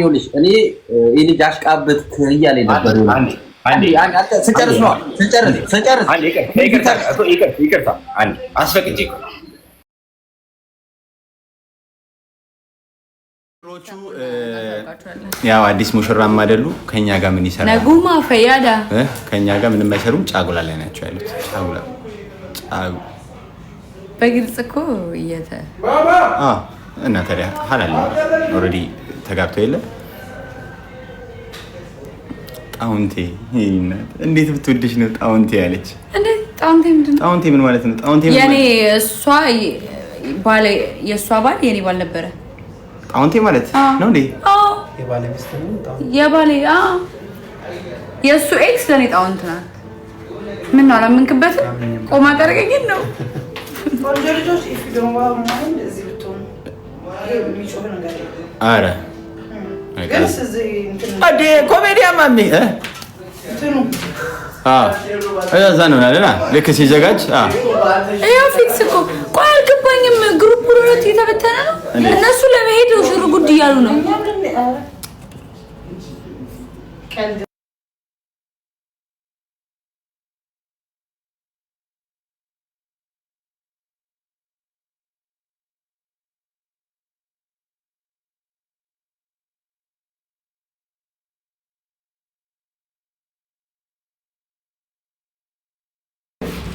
ይኸውልሽ እኔ ይህ ልጅ አሽቃብጥ እያለ ነበር። ስጨርስ ነው ስጨርስ አስፈቅጄ ያው አዲስ ሙሽራም አይደሉ። ከኛ ጋር ምን ይሰራል? ነጉማ ፈያዳ ከኛ ጋር ምንም አይሰሩም። ጫጉላ ላይ ናቸው ያሉት። ጫጉላ ጫጉ በግልጽ እኮ እየተ እና ታዲያ ሀላል ኦልሬዲ ተጋብቶ የለ ጣውንቴ እንዴት ብትወድሽ ነው ጣውንቴ ያለች? ጣውንቴ ምን ማለት ነው? ጣውንቴ የኔ እሷ ባል የእሷ ባል የኔ ባል ነበረ። ጣውንቴ ማለት ነው እንዴ? የባሌ የእሱ ኤክስ ለእኔ ጣውንት ናት። ምን ነው አላመንክበትም? ቆማ ጠረቀኝን ነው ኧረ ኮሜዲያ ማሜ እዛ ነው ያለና ልክ ሲዘጋጅ ፊክስ እኮ ቆይ አልገባኝም። ግሩፕ ሁለት እየተበተነ ነው። እነሱ ለመሄድ ሽር ጉድ እያሉ ነው።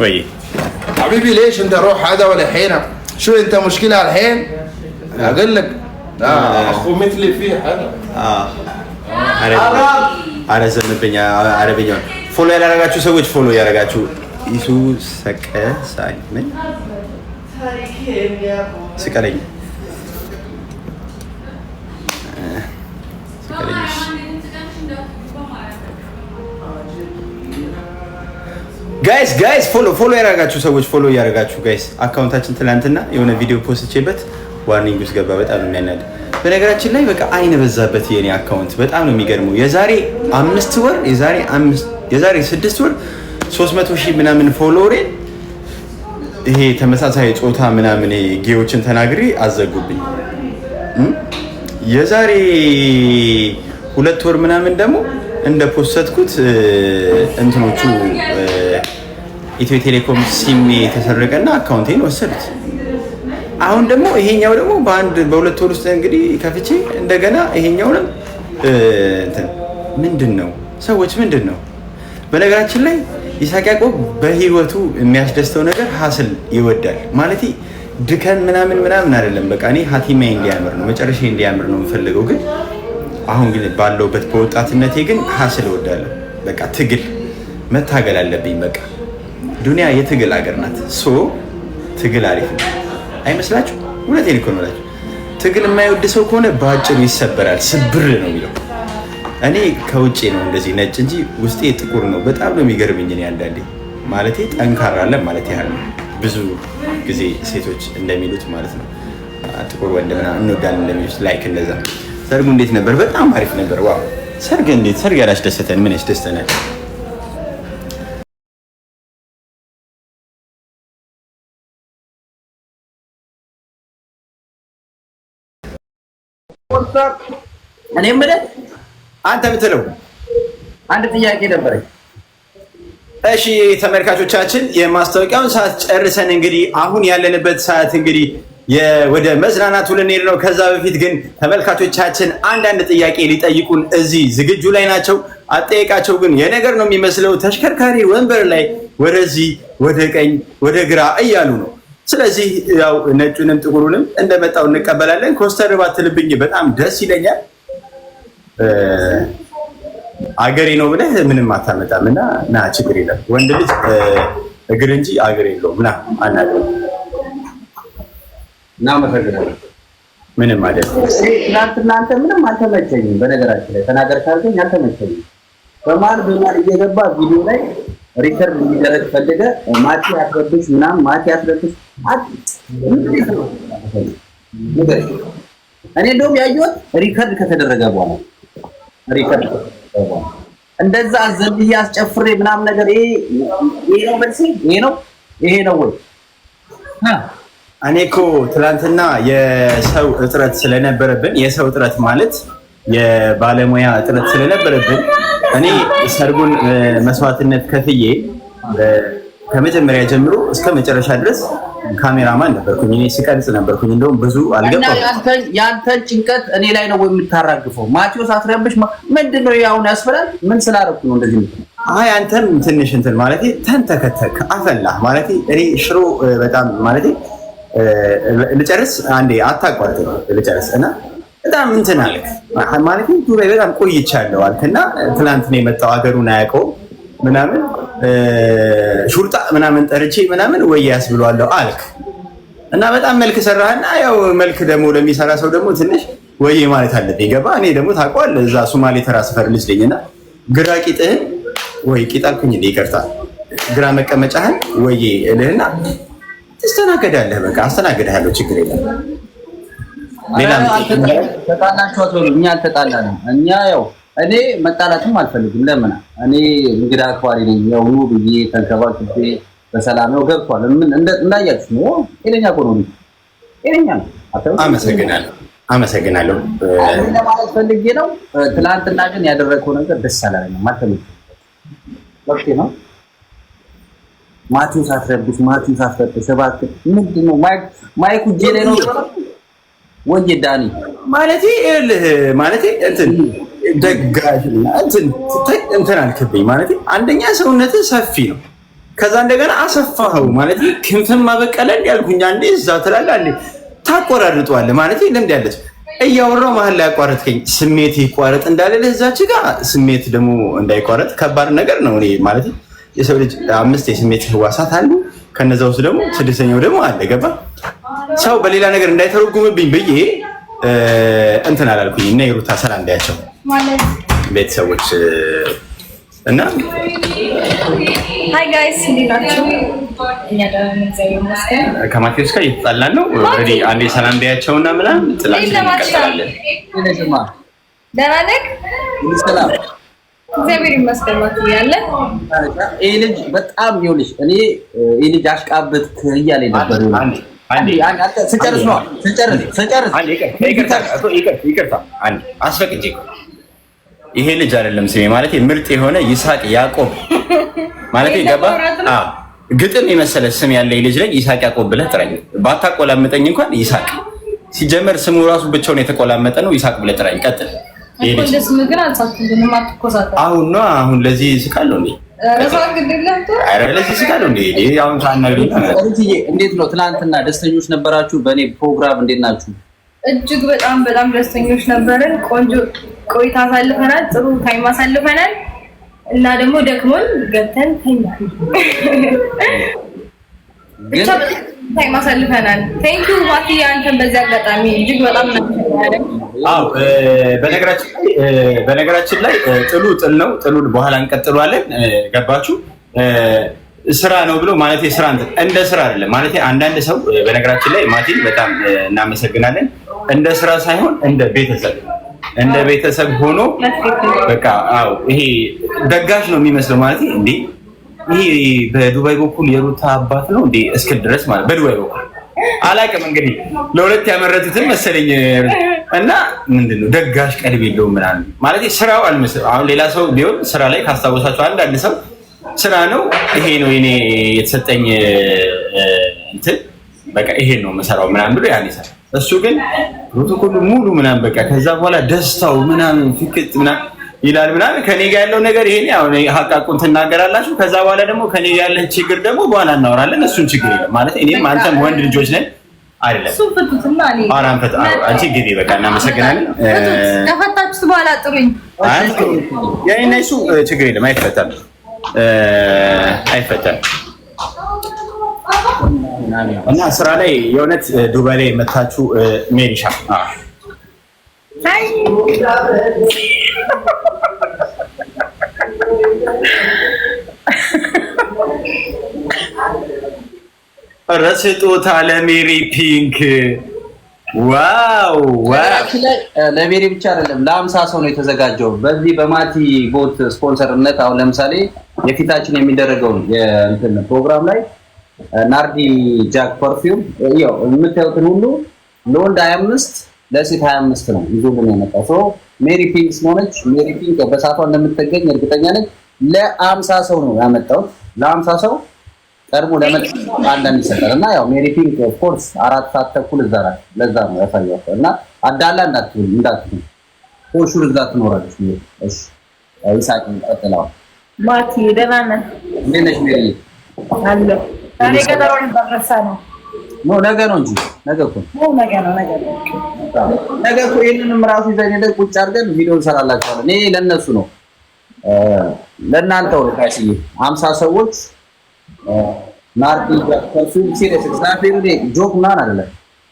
وي طيب. حبيبي ليش انت روح هذا ولا حينك شو انت مشكله الحين انا اقول لك اخو مثلي في حدا اه አረ ዝምብኝ አረብኛውን ፎሎ ያላረጋችሁ ሰዎች ፎሎ ያረጋችሁ ኢሱ يا ሳይ ነኝ ስቀለኝ ጋይስ ጋይስ ፎሎ ፎሎ ያደረጋችሁ ሰዎች ፎሎ እያደረጋችሁ ጋይስ፣ አካውንታችን ትላንትና የሆነ ቪዲዮ ፖስትቼበት ዋርኒንግ ውስጥ ገባ። በጣም የሚያናድ። በነገራችን ላይ በቃ አይን በዛበት የኔ አካውንት በጣም ነው የሚገርመው። የዛሬ አምስት ወር የዛሬ አምስት የዛሬ ስድስት ወር 300 ሺህ ምናምን ፎሎሬ ይሄ ተመሳሳይ ጾታ ምናምን ጌዎችን ተናግሬ አዘጉብኝ። የዛሬ ሁለት ወር ምናምን ደግሞ እንደ ፖስትኩት እንትኖቹ ኢትዮ ቴሌኮም ሲም የተሰረቀና አካውንቴን ወሰዱት። አሁን ደግሞ ይሄኛው ደግሞ በአንድ በሁለት ወር ውስጥ እንግዲህ ከፍቼ እንደገና ይሄኛውንም ምንድን ነው ሰዎች ምንድን ነው በነገራችን ላይ ይስሐቅ ያዕቆብ በህይወቱ የሚያስደስተው ነገር ሀስል ይወዳል ማለት ድከን ምናምን ምናምን አይደለም። በቃ እኔ ሀቲማ እንዲያምር ነው መጨረሻ እንዲያምር ነው የምፈልገው። ግን አሁን ግን ባለውበት በወጣትነቴ ግን ሀስል እወዳለሁ። በቃ ትግል መታገል አለብኝ በቃ ዱኒያ የትግል ሀገር ናት። ሶ ትግል አሪፍ ነው አይመስላችሁ? ሁለቴን እኮ ነው። ትግል የማይወድ ሰው ከሆነ በአጭሩ ይሰበራል። ስብር ነው የሚለው። እኔ ከውጭ ነው እንደዚህ ነጭ እንጂ ውስጤ ጥቁር ነው። በጣም ነው የሚገርምኝ። እኔ አንዳንዴ ማለቴ ጠንካራ አለ ማለት ያህል ነው። ብዙ ጊዜ ሴቶች እንደሚሉት ማለት ነው ጥቁር ወንድ ምናምን እንወዳለን እንደሚሉት ላይክ እንደዛ። ሰርጉ እንዴት ነበር? በጣም አሪፍ ነበር። ዋ ሰርግ እንዴት ሰርግ ያላስደሰተን ምን ያስደስተናል? እኔ የምልህ አንተ የምትለው አንድ ጥያቄ ነበረኝ። እሺ ተመልካቾቻችን የማስታወቂያውን ሰዓት ጨርሰን እንግዲህ አሁን ያለንበት ሰዓት እንግዲህ ወደ መዝናናቱ ልንሄድ ነው። ከዛ በፊት ግን ተመልካቾቻችን አንዳንድ ጥያቄ ሊጠይቁን እዚህ ዝግጁ ላይ ናቸው። አጠየቃቸው ግን የነገር ነው የሚመስለው ተሽከርካሪ ወንበር ላይ ወደዚህ ወደ ቀኝ ወደ ግራ እያሉ ነው። ስለዚህ ያው ነጩንም ጥቁሩንም እንደመጣው እንቀበላለን። ኮስተር ባትልብኝ በጣም ደስ ይለኛል። አገሬ ነው ብለህ ምንም አታመጣም እና ና ችግር የለም። ወንድ ልጅ እግር እንጂ አገር የለውም። ና አናገ እናመሰግናለን። ምንም ማለት ትናንትና እናንተ ምንም አልተመቸኝም። በነገራችን ላይ ተናገር ካልገኝ አልተመቸኝም። በማን በማን እየገባ ቪዲዮ ላይ ሪከርድ እንዲደረግ ፈልገ ማቲ አስረብሽ ምናምን ማቲ አስረብሽ እኔ እንደውም ያየሁት ሪከርድ ከተደረገ በኋላ ሪከርድ እንደዛ ዘልዬ አስጨፍሬ ምናምን ነገር ይሄ ነው መልሴ። ይሄ ነው ይሄ ነው ወይ? እኔ እኮ ትላንትና የሰው እጥረት ስለነበረብን የሰው እጥረት ማለት የባለሙያ እጥረት ስለነበረብን እኔ ሰርጉን መስዋዕትነት ከፍዬ ከመጀመሪያ ጀምሮ እስከ መጨረሻ ድረስ ካሜራማን ነበርኩኝ። እኔ ስቀርጽ ነበርኩኝ። እንደውም ብዙ አልገባም። ያንተን ጭንቀት እኔ ላይ ነው የምታራግፈው። ማቴዎስ አትረብሽ፣ ምንድን ነው ያሁን ያስፈላል? ምን ስላረኩ ነው እንደዚህ? አይ አንተም ትንሽ እንትን ማለት ተንተከተክ፣ አፈላ ማለት እኔ ሽሮ በጣም ማለት ልጨርስ፣ አንዴ አታቋርጥ፣ ልጨርስ እና በጣም እንትን አለ ማለት ዱባይ በጣም ቆይቻለሁ አልክና ትናንት ነው የመጣው። ሀገሩን አያውቀውም ምናምን ሹርጣ ምናምን ጠርቼ ምናምን ወያስ ብሏለሁ አልክ እና በጣም መልክ ሰራህና፣ ያው መልክ ደግሞ ለሚሰራ ሰው ደግሞ ትንሽ ወይ ማለት አለብኝ ገባ። እኔ ደግሞ ታውቀዋለህ እዛ ሶማሌ ተራ ሰፈር ልጅ ነኝና ግራ ቂጥህን ወይ ቂጣልኩኝ እንደ ይቅርታ ግራ መቀመጫህን ወይ እልህና ትስተናገዳለህ። በቃ አስተናግድሃለሁ፣ ችግር የለም ሌላ ተጣላችሁ አትበሉ። እኛ አልተጣላንም። እኛ ያው እኔ መጣላትም አልፈልግም። ለምን እኔ እንግዳ አክባሪ ነኝ። ያው ኑ ብዬ ተንከባክቤ በሰላም ነው ገብቷል። ምን እንዳያችሁ ነው። ጤነኛ እኮ ነው። ጤነኛ ነው። አመሰግናለሁ፣ አመሰግናለሁ ለማለት ፈልጌ ነው። ትናንትና ግን ያደረገው ነገር ደስ አላለኝም። ማተም ወቅቴ ነው። ማቲን ሳትረብሽ፣ ማቲን ሳትረብሽ፣ እባክህ ምንድን ነው ማይክ ማይክ እጄ ላይ ነው ወይ ዳኒ ማለቴ ማለቴ እንትን ደጋሽ እንትን እንትን አልክብኝ ማለቴ አንደኛ ሰውነት ሰፊ ነው። ከዛ እንደገና አሰፋኸው ማለት ክንፍን ማበቀለል ያልኩኝ አንዴ እዛ ትላለህ አንዴ ታቆራርጠዋለህ ማለት ልምድ ያለች እያወራው መሀል ላይ አቋረጥከኝ። ስሜት ይቋረጥ እንዳለልህ እዛች ጋ ስሜት ደግሞ እንዳይቋረጥ ከባድ ነገር ነው። እኔ ማለት የሰው ልጅ አምስት የስሜት ህዋሳት አሉ። ከነዛ ውስጥ ደግሞ ስድስተኛው ደግሞ አለ ገባ ሰው በሌላ ነገር እንዳይተረጉምብኝ ብዬ እንትን አላልኩኝ እና የሩታ ሰላም እንዳያቸው ቤተሰቦች እና ከማቴዎስ ጋር እየተጣላን ነው። ኦልሬዲ አንዴ ሰላም እንዳያቸው እና ምናምን ጥላችን እንቀጥላለን። ደህና ነህ? እግዚአብሔር ይመስገን። ያለ ይህ ልጅ በጣም ይኸውልሽ፣ እኔ ይህ ልጅ አሽቃበት እያለኝ ነበር ስንጨርስ አስፈቅጄ ይሄ ልጅ አይደለም ስሜ ማለት ምርጥ የሆነ ይስሐቅ ያዕቆብ ማለት ገባ ግጥም የመሰለ ስም ያለ ልጅ ላይ ይስሐቅ ያዕቆብ ብለህ ጥራኝ። ባታቆላምጠኝ እንኳን ይስሐቅ ሲጀመር ስሙ ራሱ ብቻውን የተቆላመጠ ነው። ይስሐቅ ብለህ ጥራኝ። ቀጥል። አሁን ነው አሁን ለዚህ ስቃለሁ እንዴት ነው ትናንትና ደስተኞች ነበራችሁ? በእኔ ፕሮግራም እንዴት ናችሁ? እጅግ በጣም በጣም ደስተኞች ነበርን። ቆንጆ ቆይታ አሳልፈናል። ጥሩ ታይም አሳልፈናል እና ደግሞ ደክሞን ገብተን ተኛ ታይም አሳልፈናል። ቴንክ ዩ ማቲ፣ አንተን በዚህ አጋጣሚ እጅግ በጣም አዎ። በነገራችን በነገራችን ላይ ጥሉ ጥል ነው። ጥሉን በኋላ እንቀጥሏለን። ገባችሁ? ስራ ነው ብሎ ማለት ስራ እንደ ስራ አይደለም ማለት አንዳንድ ሰው በነገራችን ላይ ማቲን በጣም እናመሰግናለን። እንደ ስራ ሳይሆን እንደ ቤተሰብ እንደ ቤተሰብ ሆኖ በቃ አዎ፣ ይሄ ደጋሽ ነው የሚመስለው ማለት እንዴ ይሄ በዱባይ በኩል የሩታ አባት ነው እንዴ? እስክል ድረስ ማለት በዱባይ በኩል አላውቅም። እንግዲህ ለሁለት ያመረቱትን መሰለኝ እና ምንድነው ደጋሽ ቀልብ የለውም ምናምን ማለት ስራው አልመስልም። አሁን ሌላ ሰው ቢሆን ስራ ላይ ካስታወሳቸው አንዳንድ ሰው ስራ ነው ይሄ ነው የኔ የተሰጠኝ እንትን በቃ ይሄ ነው መሰራው ምናምን ብሎ ያን ይሰራል። እሱ ግን ፕሮቶኮሉ ሙሉ ምናምን በቃ ከዛ በኋላ ደስታው ምናምን ፊክት ምናምን ይላል ምናምን ከኔ ጋር ያለው ነገር ይሄ አሁን ሀቃቁን ትናገራላችሁ። ከዛ በኋላ ደግሞ ከኔ ጋር ያለን ችግር ደግሞ በኋላ እናወራለን። እሱን ችግር የለም ማለት እኔም አንተም ወንድ ልጆች ነን አይደለም። እሱን ፍቱትና አንቺ ግቢ በቃ። እናመሰግናለን። ከፈታችሁት በኋላ ጥሩኝ። የኔና እሱ ችግር የለም። አይፈታም፣ አይፈታም እና ስራ ላይ የእውነት ዱባይ ላይ መታችሁ ሜሪሻ ረስጦታ ለሜሪ ፒንክ። ዋው ለሜሪ ብቻ አይደለም ለአምሳ ሰው ነው የተዘጋጀው። በዚህ በማቲ ቦት ስፖንሰርነት አሁን ለምሳሌ የፊታችን የሚደረገውን የእንትን ፕሮግራም ላይ ናርዲ ጃክ ፐርፊውም ያው የምታዩትን ሁሉ ለወንድ 25 ለሴት 25 ነው ይዞ ምን የመጣ ሰው ሜሪ ፒንክ ስለሆነች ሜሪ ፒንክ በሰዓቷ እንደምትገኝ እርግጠኛ ነች። ለአምሳ ሰው ነው ያመጣሁት። ለአምሳ ሰው ቀድሞ ለመጣ አንዳንድ ይሰጣል እና ያው ሜሪ ፒንክ ኦፍኮርስ አራት ሰዓት ተኩል እዛ ናት። ለዛ ነው ያሳያቸው እና አዳላ እንዳትል እንዳትል ፖርሹር እዛ ትኖራለች። እሺ ይሳቅ ቀጥላዋል። ማቲ ደህና ነህ? እንዴት ነሽ ሜሪ? አለሁ ዛሬ ነው ነው ነገ ነው እንጂ ነገ እኮ ነው ነገ ነው ነው እኮ ይሄንንም ራሱ ይዘን ሄደን ቁጭ አድርገን ቪዲዮ እንሰራላችኋለን። እኔ ለእነሱ ነው ለእናንተው ነው ካሽዬ ሀምሳ ሰዎች ናርዲ ፐርፊውም ሲሪየስ እግዚአብሔር ይሄ ጆክ ምናምን አይደለም።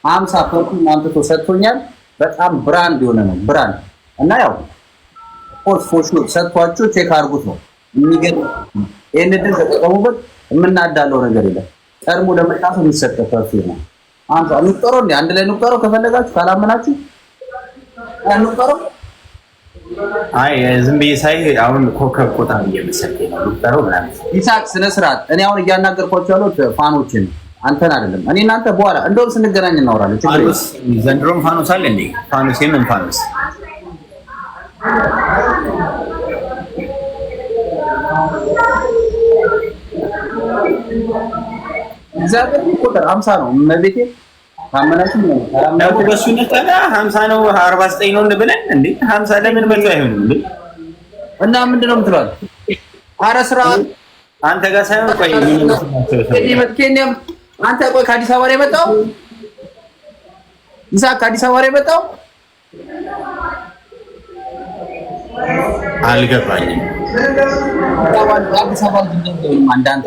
ሀምሳ ፐርፊውም አምጥቶ ሰጥቶኛል። በጣም ብራንድ የሆነ ነው ብራንድ እና ያው ኦፍ ፎሹ ሰጥቷችሁ ቼክ አድርጉት ነው የሚገርም ይሄን ድል ተጠቀሙበት። የምናዳለው ነገር የለም። ቀድሞ ለመጣፍ የሚሰጠው ፐርፊውም ነው። አንተ እንቁጠረው፣ እንዴ አንድ ላይ እንቁጠረው ከፈለጋችሁ፣ ካላመናችሁ እንቁጠረው። አይ ዝም ብዬ ሳይ አሁን ኮከብ ቆጣ ነው። እንቁጠረው ምናምን ስነ ስርዓት። እኔ አሁን እያናገርኳቸው ያሉት ፋኖችን አንተን አይደለም። እኔ እናንተ በኋላ እንደውም ስንገናኝ እናወራለን። ፋኖስ ዘንድሮም ፋኖስ አለ እንዴ? ፋኖስ የምን ፋኖስ? እግዚአብሔር ቁጥር 50 ነው። መቤቴ ታመናችሁ በሱ ነው ነው ለምን መቶ አይሆንም እና ምንድን ነው የምትለው? ኧረ ስራ አንተ ጋር ሳይሆን ቆይ አንተ ቆይ ከአዲስ አበባ ይሳ ከአዲስ አበባ አልገባኝም። አዲስ አበባ አንዳንተ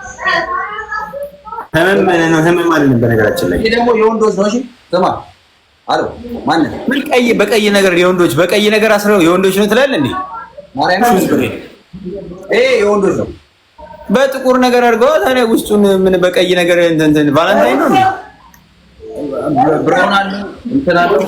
ህመም ነው። ህመም አይደለም። በነገራችን ላይ ደግሞ የወንዶች ነው። እሺ ስማ አሎ ማነህ? ምን ቀይ በቀይ ነገር የወንዶች በቀይ ነገር አስረው የወንዶች ነው ትላለህ እንዴ? ማርያም ሹዝ የወንዶች ነው። በጥቁር ነገር አድርገው ታዲያ ውስጡን ምን በቀይ ነገር እንትን ቫለንታይን ነው ብራውን አለ እንትን አለ